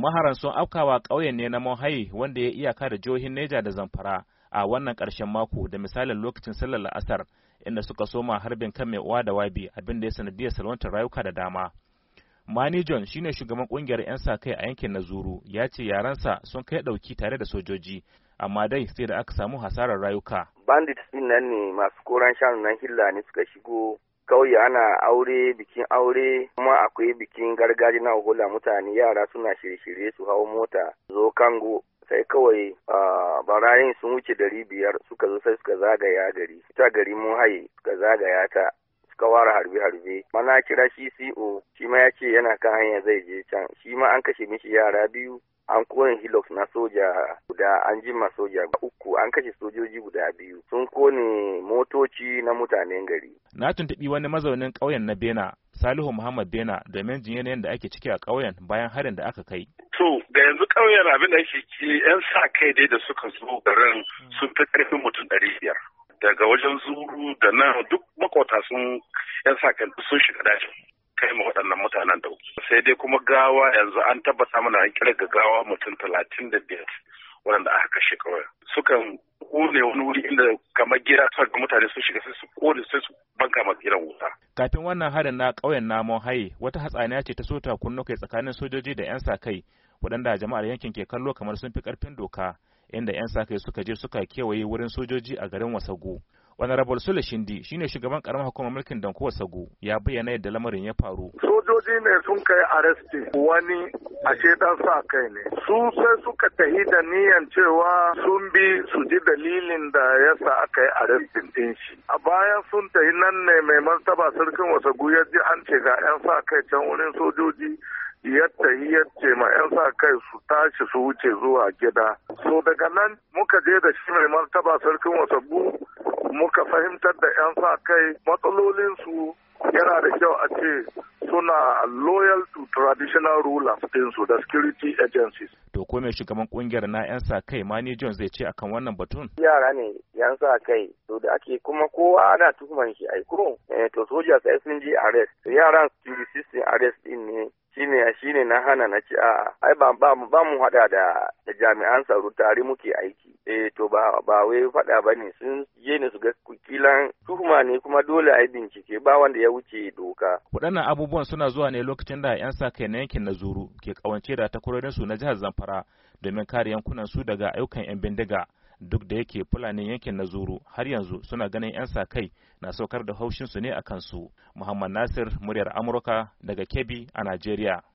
maharan sun afkawa ƙauyen ne na Mohai wanda ya iyaka da jihohin Neja da Zamfara a wannan ƙarshen mako da misalin lokacin sallar la'asar inda suka soma harbin kan mai uwa da wabi abin da ya sanadiyar salwantar rayuka da dama. Mani John shine shugaban kungiyar 'yan sa kai a yankin na Zuru ya ce yaransa sun kai ɗauki tare da sojoji amma dai sai da aka samu hasarar rayuka. Bandits din nan ne masu koran shanu na hilla ne suka shigo kauye ana aure bikin aure kuma akwai bikin gargajiya na hula mutane yara suna shirye-shirye su hau mota zo kango sai kawai barayin sun wuce dari biyar suka zo sai suka zagaya gari ta gari mun haye suka zagaya ta suka ware harbe-harbe mana kira shi shi ya ce yana kan hanya zai je can shi ma an kashe mishi yara biyu an kone hilux na soja guda an jima soja uku an kashe sojoji guda biyu sun kone motoci na mutanen gari na tuntubi wani mazaunin ƙauyen na bena salihu muhammad bena da menjin yanayin da ake ciki a ƙauyen bayan harin da aka kai to da yanzu ƙauyen abin da ake ci yan sa kai dai da suka zo garin hmm. sun fi ƙarfin mutum ɗari biyar daga wajen zuru da nan duk makwata sun yan sa kai sun shiga dajin kai ma waɗannan mutanen dauki sai dai kuma gawa yanzu an tabbata mana an kira gawa mutum talatin da biyar waɗanda aka kashe kawai sukan kone wani wuri inda kamar gida ta ga mutane sun shiga sai su kone sai su banka ma gidan wuta kafin wannan harin na ƙauyen namon haye wata hatsaniya ce ta so ta kai tsakanin sojoji da 'yan sa-kai waɗanda jama'ar yankin ke kallo kamar sun fi ƙarfin doka inda 'yan sa-kai suka je suka kewaye wurin sojoji a garin wasagu Honorable Sule Shindi shine shugaban karamar hukumar mulkin Dankuwa Sago ya bayyana yadda lamarin ya faru. Sojoji ne sun kai aresti wani ashe dan sa kai ne. Su sai suka tahi da niyan cewa sun bi su ji dalilin da ya sa aka yi arestin din shi. A bayan sun tahi nan ne mai martaba sarkin Wasagu ya ji an ce ga 'yan sa kai can wurin sojoji yadda yadda ma 'yan sa kai su tashi su wuce zuwa gida. So daga nan muka je da shi mai martaba sarkin wasagu? muka fahimtar da 'yan sa kai matsalolinsu yana da kyau a ce suna loyal to traditional rulers dinsu da security agencies. To ko mai shugaban kungiyar na 'yan sa kai Mani John zai ce akan wannan batun? Yara ne 'yan sa kai to da ake kuma kowa ana tuhuman shi eh to soja sai sun je arrest yaran security system arrest din ne shine shine na hana na ci a'a ai ba mu ba da jami'an tsaro tare muke aiki eh to ba ba wai faɗa ba ne sun je ne su ga kilan tuhuma ne kuma dole a yi bincike ba wanda ya wuce doka. Waɗannan abubuwan suna zuwa ne lokacin da 'yan sa kai na yankin na Zuru ke kawance da takwarorinsu su na jihar Zamfara domin kare yankunan su daga ayyukan 'yan bindiga. Duk da yake Fulani yankin na Zuru har yanzu suna ganin 'yan sa kai na saukar da haushinsu ne a kansu. Muhammad Nasir, muryar Amurka daga Kebbi a Najeriya.